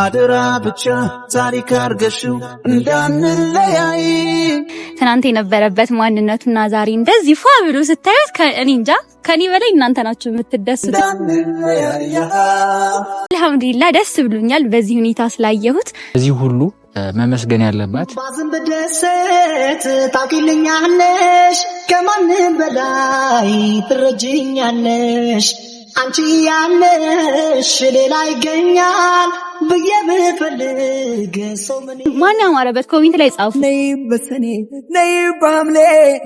አደራ ብቻ ታሪክ አርገሽው እንዳንለያይ። ትናንት የነበረበት ማንነቱና ዛሬ እንደዚህ ፏ ብሎ ስታዩት እኔ እንጃ ከኔ በላይ እናንተ ናችሁ የምትደሱት አልሐምዱሊላ ደስ ብሎኛል በዚህ ሁኔታ ስላየሁት። እዚህ ሁሉ መመስገን ያለባት ባዝን በደሰት ታውቂልኛለሽ፣ ከማንም በላይ ትረጅኛለሽ አንቺ ያለሽ ሌላ ይገኛል ብዬ ብፈልግ ሰው ምን ማን ያማረበት ላይ ጻፉ። ነይ በሰኔ ነይ በሐምሌ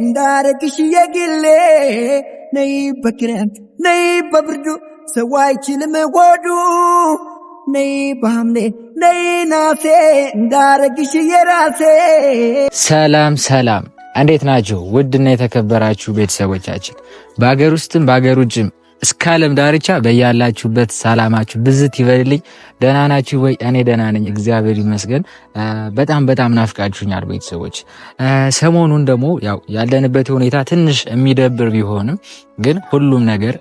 እንዳረግሽ የግሌ ነይ በክረምት ነይ በብርዱ ሰው አይችልም ወዱ ነይ በሐምሌ ነይ ናፌ እንዳረግሽ የራሴ። ሰላም ሰላም፣ እንዴት ናችሁ? ውድና የተከበራችሁ ቤተሰቦቻችን በአገር ውስጥም በአገር ውጭም እስከ ዓለም ዳርቻ በያላችሁበት ሰላማችሁ ብዝት ይበልልኝ። ደህና ናችሁ ወይ? እኔ ደህና ነኝ፣ እግዚአብሔር ይመስገን። በጣም በጣም ናፍቃችሁኛል ቤተሰቦች። ሰሞኑን ደግሞ ያው ያለንበት ሁኔታ ትንሽ የሚደብር ቢሆንም ግን ሁሉም ነገር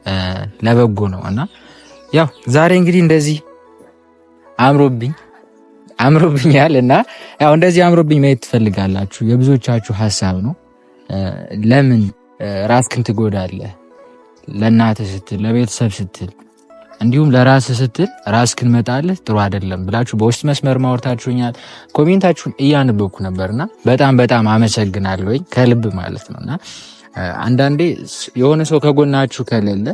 ለበጎ ነው እና ያው ዛሬ እንግዲህ እንደዚህ አምሮብኝ አምሮብኛል እና ያው እንደዚህ አምሮብኝ ማየት ትፈልጋላችሁ። የብዙዎቻችሁ ሀሳብ ነው፣ ለምን ራስክን ትጎዳለህ ለእናትህ ስትል ለቤተሰብ ስትል እንዲሁም ለራስ ስትል ራስህን መጣልህ ጥሩ አይደለም ብላችሁ በውስጥ መስመር ማወርታችሁኛል። ኮሜንታችሁን እያንበኩ ነበርና በጣም በጣም አመሰግናለሁኝ ከልብ ማለት ነውና አንዳንዴ የሆነ ሰው ከጎናችሁ ከሌለ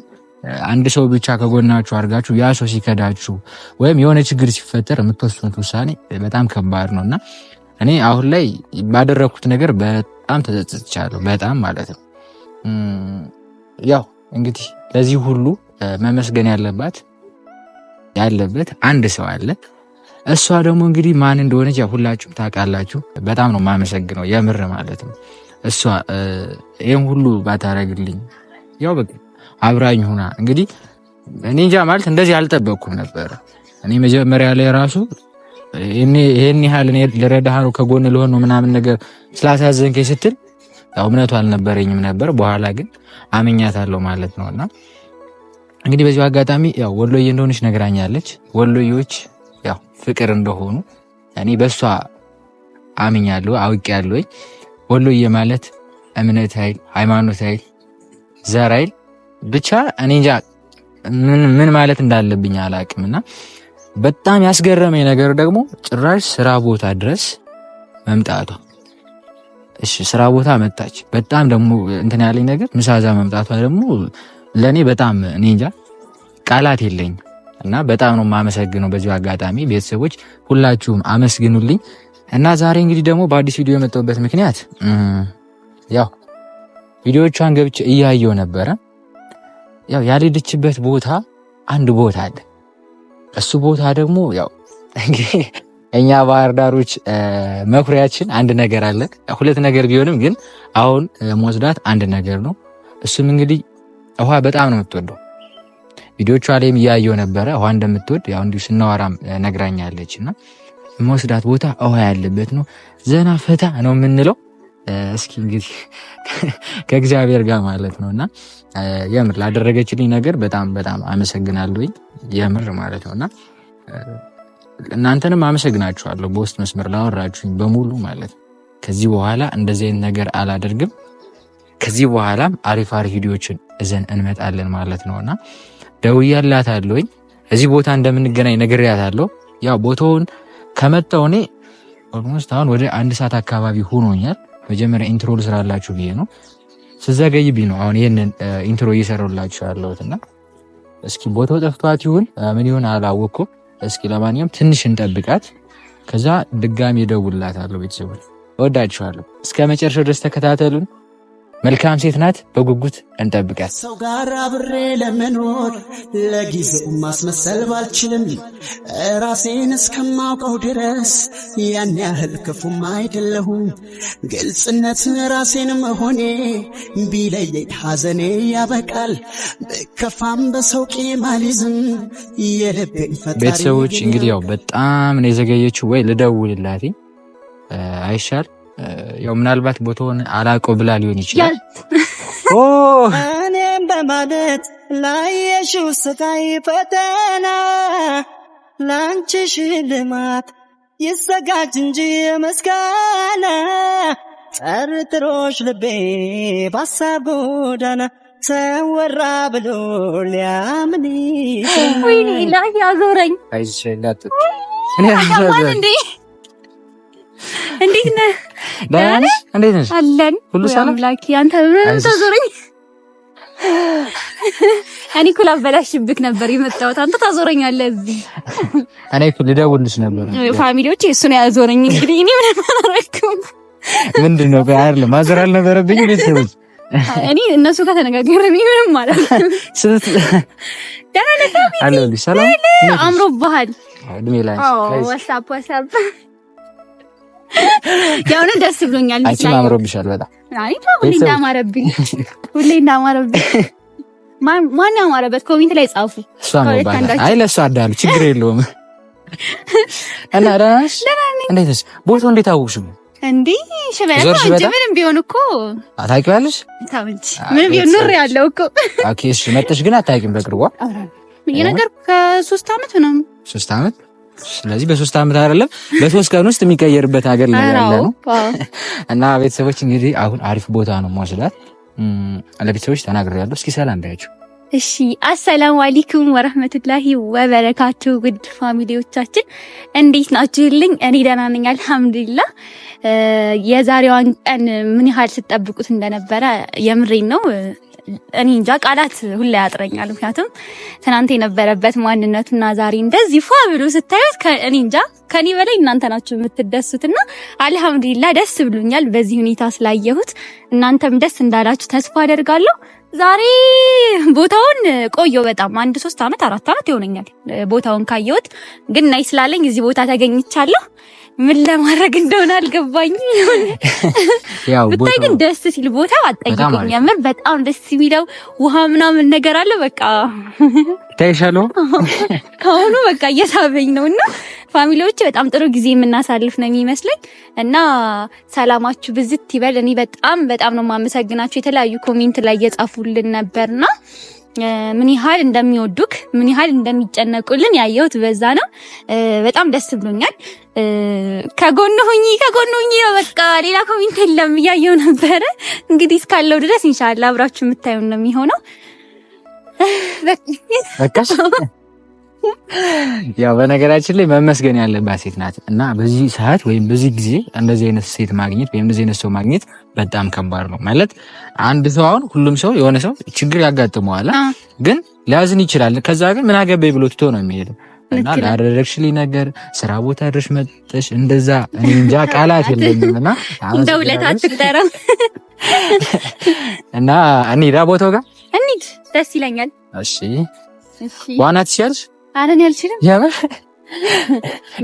አንድ ሰው ብቻ ከጎናችሁ አድርጋችሁ ያ ሰው ሲከዳችሁ ወይም የሆነ ችግር ሲፈጠር የምትወስኑት ውሳኔ በጣም ከባድ ነው እና እኔ አሁን ላይ ባደረግኩት ነገር በጣም ተጸጽቻለሁ። በጣም ማለት ነው ያው እንግዲህ ለዚህ ሁሉ መመስገን ያለባት ያለበት አንድ ሰው አለ። እሷ ደግሞ እንግዲህ ማን እንደሆነች ያው ሁላችሁም ታውቃላችሁ። በጣም ነው የማመሰግነው የምር ማለት ነው። እሷ ይህም ሁሉ ባታረግልኝ ያው በቃ አብራኝ ሁና እንግዲህ እኔ እንጃ ማለት እንደዚህ አልጠበቅኩም ነበረ። እኔ መጀመሪያ ላይ ራሱ ይህን ያህል ልረዳህ ነው ከጎን ልሆን ነው ምናምን ነገር ስላሳዘንከኝ ስትል ያው እምነቱ አልነበረኝም ነበር። በኋላ ግን አምኛታለሁ ማለት ነው። እና እንግዲህ በዚሁ አጋጣሚ ያው ወሎዬ እንደሆነች ነግራኛለች። ወሎዬዎች ያው ፍቅር እንደሆኑ እኔ በእሷ አምኛለሁ አውቄያለሁኝ። ወሎዬ ማለት እምነት ኃይል፣ ሃይማኖት ኃይል፣ ዘር ኃይል ብቻ እኔ እንጃ ምን ማለት እንዳለብኝ አላቅም። እና በጣም ያስገረመኝ ነገር ደግሞ ጭራሽ ስራ ቦታ ድረስ መምጣቷ እሺ ስራ ቦታ መጣች። በጣም ደግሞ እንትን ያለኝ ነገር ምሳዛ መምጣቷ ደግሞ ለእኔ በጣም እኔ እንጃ ቃላት የለኝ እና በጣም ነው የማመሰግነው። በዚሁ አጋጣሚ ቤተሰቦች ሁላችሁም አመስግኑልኝ እና ዛሬ እንግዲህ ደግሞ በአዲስ ቪዲዮ የመጣሁበት ምክንያት ያው ቪዲዮቿን ገብቼ እያየው ነበረ። ያው ያልሄደችበት ቦታ አንድ ቦታ አለ። እሱ ቦታ ደግሞ ያው እኛ ባህር ዳሮች መኩሪያችን አንድ ነገር አለ። ሁለት ነገር ቢሆንም ግን አሁን መወስዳት አንድ ነገር ነው። እሱም እንግዲህ ውሃ በጣም ነው የምትወደው። ቪዲዮቿ ላይም እያየው ነበረ ውሃ እንደምትወድ ያው እንዲሁ ስናወራም ነግራኛለች። እና መወስዳት ቦታ ውሃ ያለበት ነው። ዘና ፈታ ነው የምንለው። እስኪ እንግዲህ ከእግዚአብሔር ጋር ማለት ነው። እና የምር ላደረገችልኝ ነገር በጣም በጣም አመሰግናለሁኝ የምር ማለት ነው እና እናንተንም አመሰግናችኋለሁ በውስጥ መስመር ላወራችሁኝ በሙሉ ማለት ከዚህ በኋላ እንደዚህ አይነት ነገር አላደርግም። ከዚህ በኋላም አሪፍ አሪፍ ቪዲዮችን እዘን እንመጣለን ማለት ነው እና ደውያላታለሁኝ እዚህ ቦታ እንደምንገናኝ ነግሬያታለሁ። ያው ቦታውን ከመጣሁ እኔ ኦልሞስት አሁን ወደ አንድ ሰዓት አካባቢ ሆኖኛል። መጀመሪያ ኢንትሮ ልስራላችሁ ብዬ ነው ቢ ነው አሁን ይህንን ኢንትሮ እየሰራሁላችሁ ያለሁት እና እስኪ ቦታው ጠፍቷት ይሁን ምን ይሁን አላወቅኩም። እስኪ ለማንኛውም ትንሽ እንጠብቃት፣ ከዛ ድጋሚ እደውልላታለሁ። ቤተሰቦች እወዳችኋለሁ። እስከ መጨረሻው ድረስ ተከታተሉን። መልካም ሴት ናት። በጉጉት እንጠብቃት። ሰው ጋር አብሬ ለመኖር ለጊዜው ማስመሰል ባልችልም ራሴን እስከማውቀው ድረስ ያን ያህል ክፉም አይደለሁም። ግልጽነት ራሴን መሆኔ ቢለየኝ ሐዘኔ ያበቃል። ከፋም በሰው ቂማሊዝም አልይዝም። የልቤን ፈጣሪ ቤተሰቦች እንግዲህ ያው በጣም ነው የዘገየችው። ወይ ልደውልላት አይሻል ያው ምናልባት ቦታውን አላውቀው ብላ ሊሆን ይችላል። እኔም በማለት ላየሽው ስቃይ ፈተና ለአንቺ ሽልማት ይዘጋጅ እንጂ ምስጋና ጠርጥሮሽ ልቤ ባሳብ ጎዳና ተወራ ብሎ ሊያምን ላይ አዞረኝ እኔ ያዞረኝ እንዴት ነህ? ደህና ነሽ? እንዴት ነሽ? አለን ሁሉ ሰላም። ላኪ አንተ ታዞረኝ። እኔ እኮ ላበላሽብክ ነበር የመጣሁት አንተ አለ እዚህ። እኔ እኮ ልደውልልሽ ነበር። ፋሚሊዎች እሱ ነው ያዞረኝ። እንግዲህ እኔ ምን አላደረኩም። ምንድን ነው አይደለም ማዞር አልነበረብኝም። ቤተሰቦች እኔ እነሱ ጋር ተነጋገረ ምንም ማለት ስት ደህና ነህ? ሰላም አምሮብሃል። እድሜ ላይ ዋትስአፕ ዋትስአፕ የእውነት ደስ ብሎኛል። አንቺም አምሮብሻል በጣም ሁሌ እንዳማረብኝ ሁሌ እንዳማረብኝ ማን ያማረበት ኮሚንት ላይ ጻፉ። አይ ለእሱ አዳሉ ችግር የለውም። እና እንዴት ነሽ? ቦታው እንዴት አወቅሽው? እንዴ ሸበላ ነው ምንም ቢሆን እኮ አታውቂዋለሽ። ምንም ቢሆን ኑር ያለው እኮ ኦኬ። እሺ መጥተሽ ግን አታውቂም። በቅርቧ የነገርኩህ ከሶስት አመት ምናምን ሶስት አመት ስለዚህ በሶስት ዓመት አይደለም በሶስት ቀን ውስጥ የሚቀየርበት ሀገር ላይ ያለ ነው እና ቤተሰቦች እንግዲህ አሁን አሪፍ ቦታ ነው መወስዳት ለቤተሰቦች ተናግሬያለሁ። እስኪ ሰላም ባያቸው። እሺ አሰላሙ አለይኩም ወረህመቱላሂ ወበረካቱ። ውድ ፋሚሊዎቻችን እንዴት ናችሁልኝ? እኔ ደህና ነኝ አልሐምዱሊላህ። የዛሬዋን ቀን ምን ያህል ስትጠብቁት እንደነበረ የምሬን ነው እኔ እንጃ ቃላት ሁላ ያጥረኛል። ምክንያቱም ትናንት የነበረበት ማንነቱና ዛሬ እንደዚህ ፏ ብሎ ስታዩት እኔ እንጃ ከኔ በላይ እናንተ ናችሁ የምትደሱትና አልሐምዱሊላ ደስ ብሎኛል በዚህ ሁኔታ ስላየሁት። እናንተም ደስ እንዳላችሁ ተስፋ አደርጋለሁ። ዛሬ ቦታውን ቆየው በጣም አንድ ሶስት አመት አራት አመት ይሆነኛል ቦታውን ካየሁት፣ ግን ናይ ስላለኝ እዚህ ቦታ ተገኝቻለሁ። ምን ለማድረግ እንደሆነ አልገባኝም። ብታይ ግን ደስ ሲል ቦታው አጠይቀኝ የምር በጣም ደስ የሚለው ውሃ ምናምን ነገር አለ። በቃ ታይሻለው ከአሁኑ በቃ እየሳበኝ ነው እና ፋሚሊዎች በጣም ጥሩ ጊዜ የምናሳልፍ ነው የሚመስለኝ እና ሰላማችሁ ብዝት ይበል። እኔ በጣም በጣም ነው የማመሰግናችሁ። የተለያዩ ኮሜንት ላይ እየጻፉልን ነበርና ምን ያህል እንደሚወዱክ ምን ያህል እንደሚጨነቁልን ያየሁት በዛ ነው። በጣም ደስ ብሎኛል። ከጎን ሁኚ ከጎን ሁኚ ነው በቃ ሌላ ኮሜንት የለም እያየው ነበረ። እንግዲህ እስካለው ድረስ እንሻላ አብራችሁ የምታዩን ነው የሚሆነው በቃ ያው በነገራችን ላይ መመስገን ያለባት ሴት ናት እና በዚህ ሰዓት ወይም በዚህ ጊዜ እንደዚህ አይነት ሴት ማግኘት ወይም እንደዚህ አይነት ሰው ማግኘት በጣም ከባድ ነው። ማለት አንድ ሰው አሁን ሁሉም ሰው የሆነ ሰው ችግር ያጋጥመዋል፣ ግን ሊያዝን ይችላል። ከዛ ግን ምን አገባኝ ብሎ ትቶ ነው የሚሄደው። እና ላደረግሽልኝ ነገር ስራ ቦታ ድረሽ መጥተሽ እንደዛ እንጃ ቃላት የለኝም እና እንደ ውለታ አትቁጠረም እና እንሂዳ ቦታው ጋር እንሂድ፣ ደስ ይለኛል። እሺ ዋና ትችያለሽ አለን ያልችልም የምር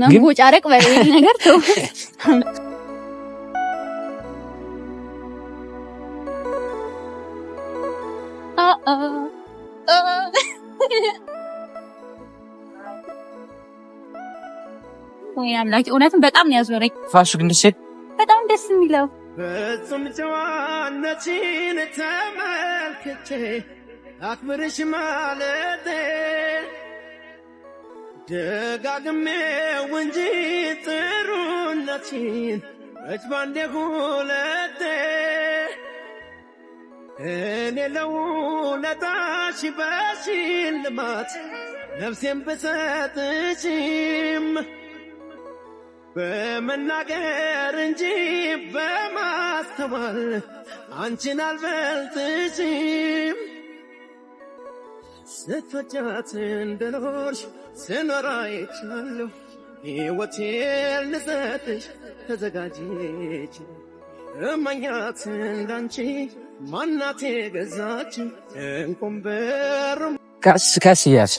መንቦጫረቅ በይ ነገር ተው። ወይ እውነትም በጣም ነው ያዞረኝ። ፋሹ ግን ደስ በጣም ደስ የሚለው ፍጹም ጨዋነችን ተመልክቼ አክብርሽ ማለቴ ደጋግሜው እንጂ ጥሩነትሽን መች ባንዴ ሁለቴ እኔ ለውለታሽ በሽልማት ነፍሴን ብሰጥሽም በመናገር እንጂ በማስተዋል አንቺን አልበልጥሽም። ስትፈጃት እንደኖርሽ ስኖር ይቻለሁ ሕይወቴን ልሰጥሽ ተዘጋጀች እማኛት እንዳንቺ ማናቴ ገዛች እንቁምበር ቀስ ቀስ እያልሽ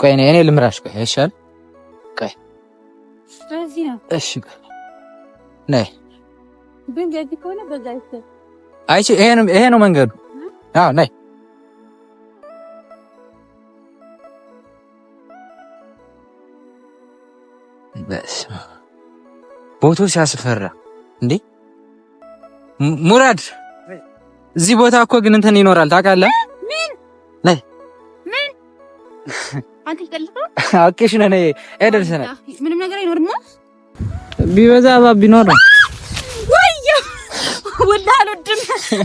ቆይ እኔ ልምራሽ። ቆይ ይሻል። ቆይ እሺ፣ ነይ ይሄ ነው መንገዱ። አዎ ነይ ቦታው ሲያስፈራ እንዴ ሙራድ፣ እዚህ ቦታ እኮ ግን እንትን ይኖራል ታውቃለህ? ምን ላይ ምን አንተ አውቄሽ ነይ ምንም ነገር አይኖርም። ቢበዛ እባብ ቢኖር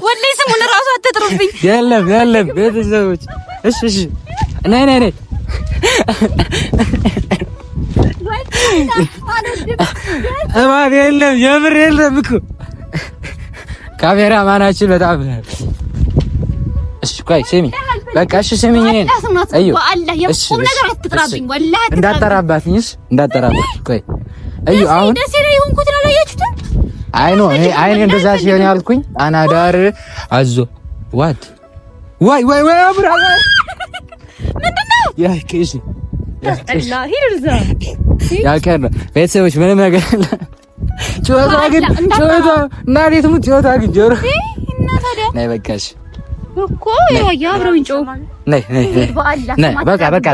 ወላሂ ስሙን እራሱ አትጥሩብኝ። የለም የለም፣ ቤተሰቦች እሺ፣ እሺ፣ ነይ ነይ ነይ እባብ የለም፣ የምር የለም እኮ ካሜራ ማናችን በጣም እሺ፣ ቆይ ስሚ፣ በቃ እሺ፣ ስሚ እንዳጠራባትኝ፣ እሺ፣ እንዳጠራባት። ቆይ አሁን አይ እንደዛ ሲሆን ያልኩኝ አናዳር አዞ ዋት ዋይ ዋይ ዋይ አብራ ምንድነው? ያ ቤተሰቦች ምንም ነገር ጨዋታ ግን ጨዋታ እና ቤት ሙት ጨዋታ ግን ጆሮ ነይ በቃሽ እኮ ይኸውልህ አብረውኝ ጮህ ነይ ነይ በቃ በቃ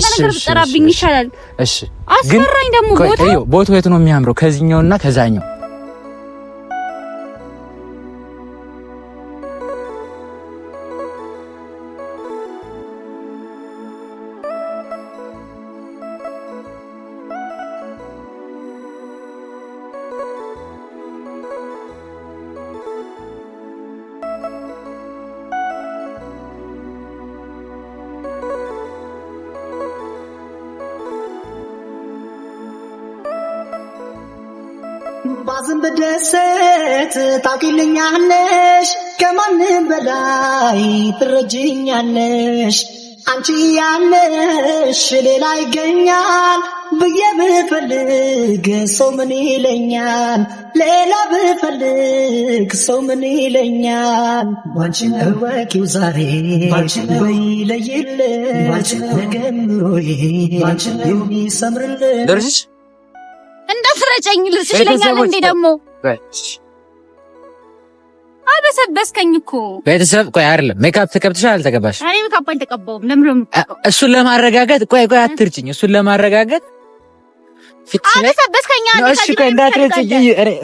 ይሻላል እሺ ቦታው የት ነው የሚያምረው ከዚህኛውና ከዛኛው ላይ ትረጅኛለሽ አንቺ ያለሽ ሌላ ይገኛል ብዬ ብፈልግ ሰው ምን ይለኛል? ሌላ ብፈልግ ሰው ምን ይለኛል? ባንቺን እወቂው ዛሬ በይለይልሽ ነገምሮዬ የሚሰምርልሽ ደርጅሽ እንደ ፍረጨኝ ልርስሽ ለኛል እንዴ ደግሞ አበሰበስከኝ እኮ ቤተሰብ። ቆይ አይደለም ሜካፕ ተቀብተሻል አልተቀባሽ? አይ ሜካፕ አልተቀባውም። ለምን? እሱን ለማረጋገጥ ቆይ ቆይ አትርጭኝ። እሱን ለማረጋገጥ አበሰበስከኝ። እሺ ቆይ እንዳትርጭኝ።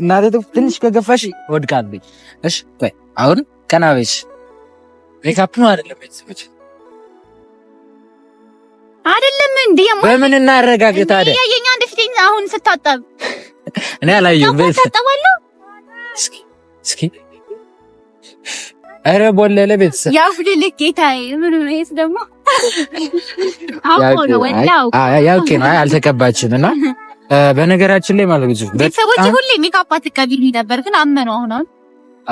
እናቴ ትንሽ ከገፋሽ ወድቃለኝ። እሺ ቆይ አሁን ቀና በይሽ። ሜካፕ ነው አይደለም? ቤተሰቦች አይደለም እንዴ? በምን እናረጋግጥ? አይደል ያየኛ አንድ ፊቴን አሁን ስታጠብ እኔ አላየሁም። ቤተሰብ እስኪ እስኪ ኧረ ቦለለ ቤተሰብ ያብልል ጌታዬ። ምን ይሄስ ደግሞ አውቆ ነው ወላው ያውቄ ነው። አልተቀባችም እና በነገራችን ላይ ማለት ነው ቤተሰቦች ሁሌ ሜካፕ አትቀቢሉኝ ነበር፣ ግን አመኑ። አሁን አሁን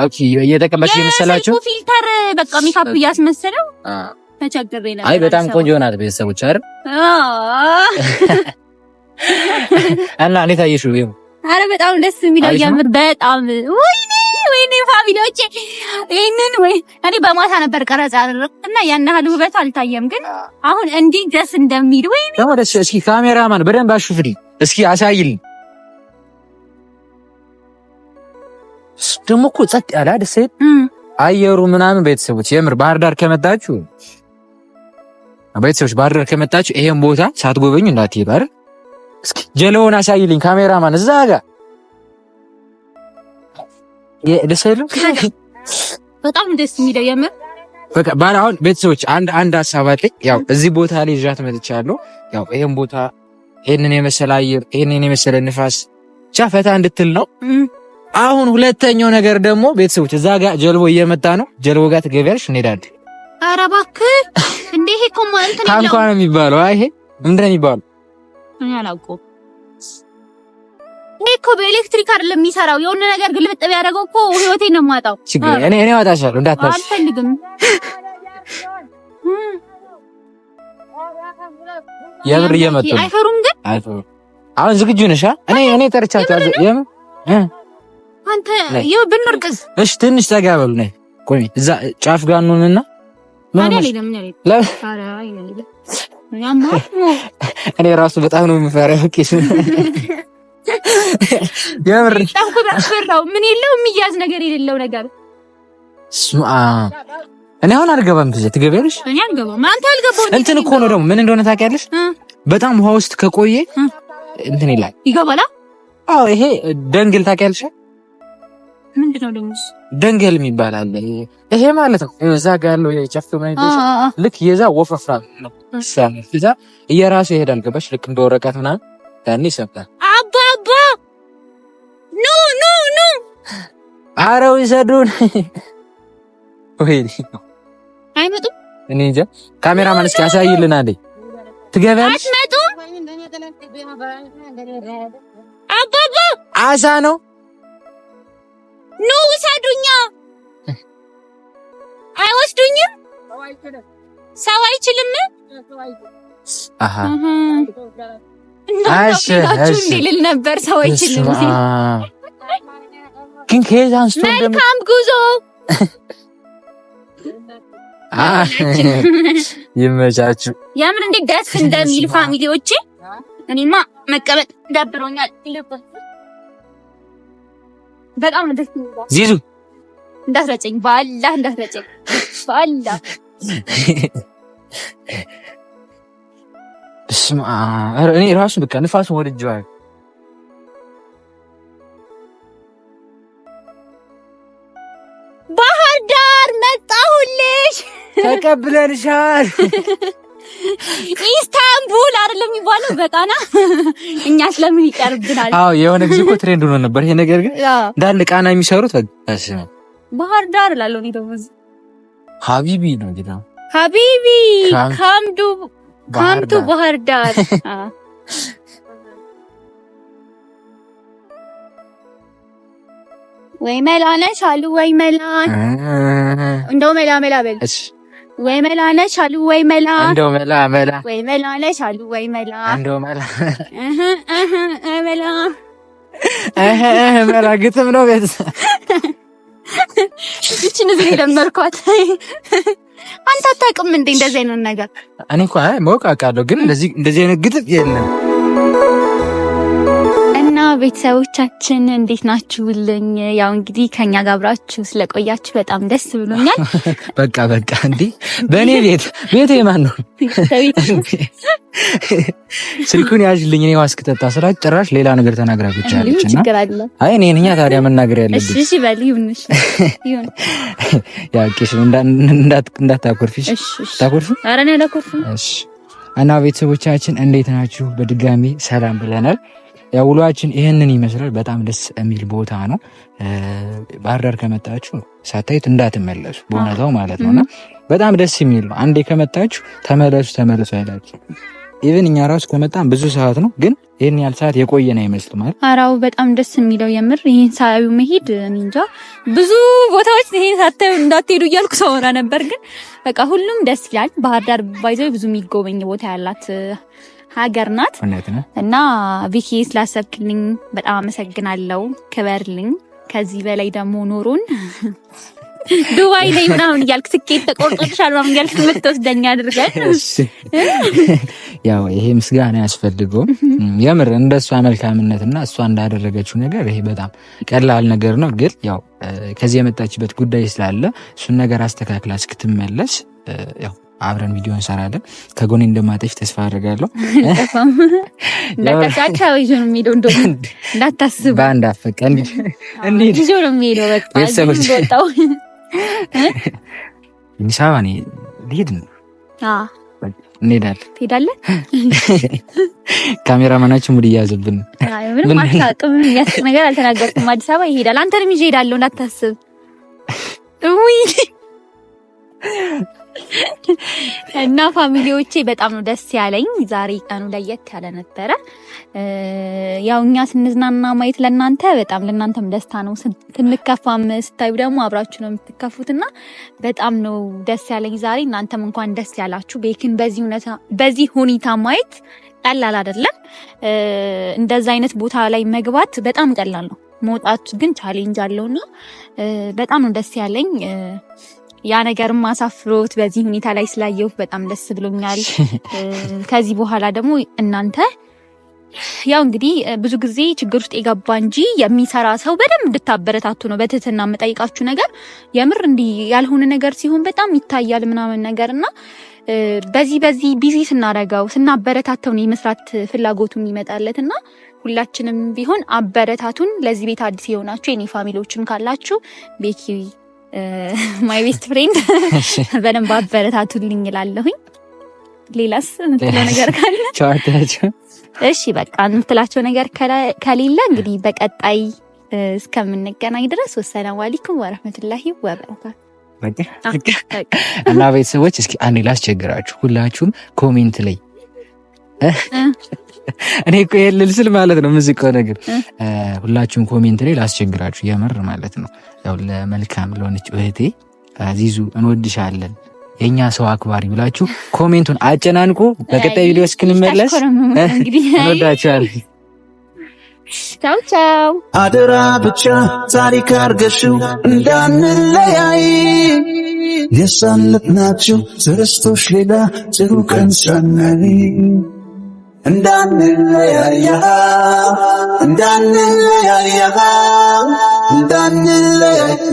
ኦኬ እየተቀባች የመሰላቸው ፊልተር በቃ ሜካፕ እያስመሰለው ተቸግሬ ነበር። አይ በጣም ቆንጆ ናት ቤተሰቦች አረ እና እንዴት አየሽው? ይሄው አረ በጣም ደስ የሚለው ያምር በጣም ውይ ወይኔ ፋሚሊዎቼ ይህንን ወይ እኔ በማታ ነበር ቀረጻ ያደረኩት እና ያን ያህል ውበቱ አልታየም፣ ግን አሁን እንዲህ ደስ እንደሚል ወይ ደግሞ ደስ እስኪ ካሜራማን በደንብ አሹፍልኝ እስኪ አሳይልኝ። ደግሞ እኮ ጸጥ ያለ ደስ አየሩ ምናምን ቤተሰቦች የምር ባህር ዳር ከመጣችሁ ቤተሰቦች ባህር ዳር ከመጣችሁ ይሄን ቦታ ሳትጎበኙ እንዳትሄዱ አይደል? እስኪ ጀለውን አሳይልኝ ካሜራማን እዛ ጋር በጣም ደስ የሚለው የምር በቃ ባለ አሁን ቤተሰቦች አንድ አንድ ሀሳብ አለኝ። ያው እዚህ ቦታ ላይ ይዣት መጥቻለሁ። ያው ይሄን ቦታ ይሄንን የመሰለ አየር ይሄንን የመሰለ ንፋስ ብቻ ፈታ እንድትል ነው። አሁን ሁለተኛው ነገር ደግሞ ቤተሰቦች እዛ ጋር ጀልቦ እየመጣ ነው። ጀልቦ ጋር ትገቢያለሽ፣ እንሄዳለን። ኧረ እባክህ እንደ ይሄ እኮ ታንኳ ነው የሚባለው። አይ ይሄ ምንድን ነው የሚባለው? እኔ አላውቀውም ይሄ እኮ በኤሌክትሪክ አይደለም የሚሰራው። የሆነ ነገር ግልብጥ ቢያደርገው እኮ ህይወቴ ነው የማጣው። ችግር እኔ እኔ እዋጣሻለሁ እንዳታስቢ። አልፈልግም። የምር እየመጡ ነው። አይፈሩም ግን አይፈሩም። አሁን ዝግጁ ነሽ? እኔ እኔ ተርቻለሁ። የምር አንተ ይው ብንርቅስ? እሺ ትንሽ ጠጋ በሉ። ነይ ቆይ፣ እዛ ጫፍ ጋር እንሆንና እኔ ራሱ በጣም ነው የምፈራው። የምር ጠንኩበፈራው ምን የለው የሚያዝ ነገር የሌለው ነገር እኔ አሁን አልገባም። ትዝ ትገቢያለሽ? እኔ አልገባም። አንተ አልገባም። እንትን እኮ ነው ደግሞ ምን እንደሆነ ታውቂያለሽ? በጣም ውሃ ውስጥ ከቆየ እንትን ይላል ይገባላ። አዎ ይሄ ደንግል ታውቂያለሽ? ደንግል የሚባል አለ። ይሄ ማለት ነው እዛ ጋር ያለው የጨፍ ልክ የዛ ወፈፍራ ነው። እዛ እየራሱ ይሄዳል። ገባሽ? ልክ እንደወረቀት ምናምን ያኔ ይሰብታል አረው ይሰዱን ወይ አይመጡም። እኔ እንጃ። ካሜራ እስኪ ያሳይልን አለ አትመጡም። አባባ አሳ ነው። ኑ ውሰዱኛ። አይወስዱኝም። ሰው አይችልም። አሃ አሽ አሽ ልል ነበር ሰው አይችልም ግን ከየት አንስቶ መልካም ጉዞ ይመቻችሁ። የምር እንዴት ደስ እንደሚል ፋሚሊዎቼ፣ እኔማ መቀመጥ ደብሮኛል። በጣም ደስ ይላል። ዚዙ እንዳትረጨኝ፣ በአላህ እንዳትረጨኝ፣ በአላህ ብስማ እኔ ራሱ በቃ ንፋሱን ወድጄዋለሁ። ይኸውልሽ ተቀብለንሻል። ኢስታንቡል አይደለም የሚባለው በቃና እኛ ስለምን ይቀርብናል? አዎ የሆነ ጊዜ እኮ ትሬንድ ሆኖ ነበር ይሄ ነገር። ግን እንዳለ ቃና የሚሰሩት በቃሽ ባህር ዳር ላለው ነው ደሞዝ ሀቢቢ ነው ጌታ ሀቢቢ ካምዱ ካምቱ ባህር ዳር ወይ መላ ነሽ አሉ ወይ መላ እንደው መላ መላ በል እሺ። ወይ መላ ነሽ አሉ ወይ መላ እንደው መላ መላ ወይ መላ ነሽ አሉ ወይ መላ እንደው መላ እህ እህ መላ እህ እህ መላ ግጥም ነው ቤት ይችን እዚህ ለመርኳት። አንተ አታውቅም እንዴ እንደዚህ አይነት ነገር? እኔ እንኳን ማወቅ አውቃለሁ፣ ግን እንደዚህ እንደዚህ አይነት ግጥም የለም። ቤተሰቦቻችን እንዴት ናችሁልኝ? ያው እንግዲህ ከኛ ጋር አብራችሁ ስለቆያችሁ በጣም ደስ ብሎኛል። በቃ በቃ እንዲህ በእኔ ቤት ቤት የማን ነው? ስልኩን ያዥልኝ እኔ ውሃ እስክጠጣ ስራ ጭራሽ ሌላ ነገር ተናግራ ብቻ አለችና፣ አይ እኔ እኛ ታዲያ መናገር ያለብኝ እና ቤተሰቦቻችን እንዴት ናችሁ? በድጋሚ ሰላም ብለናል። ያው ውሏችን ይህንን ይመስላል። በጣም ደስ የሚል ቦታ ነው። ባህር ዳር ከመጣችሁ ሳታዩት እንዳትመለሱ በእውነታው ማለት ነው እና በጣም ደስ የሚል ነው። አንዴ ከመጣችሁ ተመለሱ ተመለሱ አይላችሁ። ኢቨን እኛ ራሱ ከመጣን ብዙ ሰዓት ነው፣ ግን ይህን ያህል ሰዓት የቆየን አይመስልም ማለት አራው በጣም ደስ የሚለው የምር ይህን ሳዩ መሄድ እንጃ ብዙ ቦታዎች ይህን ሳታዩ እንዳትሄዱ እያልኩ ሳወራ ነበር፣ ግን በቃ ሁሉም ደስ ይላል። ባህር ዳር ባይዘው ብዙ የሚጎበኝ ቦታ ያላት ሀገር ናት እና ቪኪ ስላሰብክልኝ በጣም አመሰግናለሁ። ክበርልኝ። ከዚህ በላይ ደግሞ ኑሩን ዱባይ ላይ ምናምን እያልክ ስኬት ተቆርጦልሻል ምናምን እያልክ የምትወስደኝ አድርገን። ያው ይሄ ምስጋና ያስፈልገውም የምር እንደ እሷ መልካምነትና እሷ እንዳደረገችው ነገር ይሄ በጣም ቀላል ነገር ነው። ግን ያው ከዚህ የመጣችበት ጉዳይ ስላለ እሱን ነገር አስተካክላ እስክትመለስ ያው አብረን ቪዲዮ እንሰራለን። ከጎን እንደማጠፊ ተስፋ አድርጋለሁ። እንዳታጫጫው ይዞ ነው የሚሄደው። ነው የሚሄደው። በቃ እንሄዳለን። ትሄዳለህ? ካሜራ ሙድ እያዘብን ምንም ነገር አልተናገርኩም። አዲስ አበባ ይሄዳል። አንተንም ይዤ እሄዳለሁ። እንዳታስብ ውይ እና ፋሚሊዎቼ በጣም ነው ደስ ያለኝ። ዛሬ ቀኑ ለየት ያለ ነበረ። ያው እኛ ስንዝናና ማየት ለእናንተ በጣም ለእናንተም ደስታ ነው። ስንከፋም ስታዩ ደግሞ አብራችሁ ነው እና በጣም ነው ደስ ያለኝ ዛሬ። እናንተም እንኳን ደስ ያላችሁ። ቤኪን በዚህ ሁኔታ ማየት ቀላል አይደለም። እንደዛ አይነት ቦታ ላይ መግባት በጣም ቀላል ነው። መውጣት ግን ቻሌንጅ አለውና በጣም ነው ደስ ያለኝ። ያ ነገርም አሳፍሮት በዚህ ሁኔታ ላይ ስላየው በጣም ደስ ብሎኛል። ከዚህ በኋላ ደግሞ እናንተ ያው እንግዲህ ብዙ ጊዜ ችግር ውስጥ የገባ እንጂ የሚሰራ ሰው በደንብ እንድታበረታቱ ነው በትህትና የምጠይቃችሁ ነገር። የምር እንዲህ ያልሆነ ነገር ሲሆን በጣም ይታያል ምናምን ነገር እና በዚህ በዚህ ቢዚ ስናረገው ስናበረታተው ነው የመስራት ፍላጎቱ የሚመጣለት እና ሁላችንም ቢሆን አበረታቱን። ለዚህ ቤት አዲስ የሆናችሁ የኔ ፋሚሊዎችም ካላችሁ ቤኪ ማይ ቤስት ፍሬንድ በደንብ አበረታቱልኝ ይላለሁኝ። ሌላስ የምትለው ነገር ካለ እሺ፣ በቃ የምትላቸው ነገር ከሌለ እንግዲህ በቀጣይ እስከምንገናኝ ድረስ ወሰላሙ አለይኩም ወረህመቱላሂ ወበረካቱ። እና ቤተሰቦች እስኪ አንድ ላስቸግራችሁ፣ ሁላችሁም ኮሜንት ላይ እኔ እኮ ይሄን ስል ማለት ነው ሙዚቃው ነገር ሁላችሁም ኮሜንት ላይ ላስቸግራችሁ የምር ማለት ነው። ያው ለመልካም ለሆነች እህቴ አዚዙ እንወድሻለን የእኛ ሰው አክባሪ ብላችሁ ኮሜንቱን አጨናንቁ። በቀጣይ ቪዲዮ እስክንመለስ እንወዳችኋለን። ቻው ቻው። አደራ ብቻ ታሪክ አርገሽው እንዳንለያይ የሳለት ናችሁ ትርስቶች ሌላ ጥሩ ቀን ሳናይ እንዳንለያያ እንዳንለያያ እንዳንለያ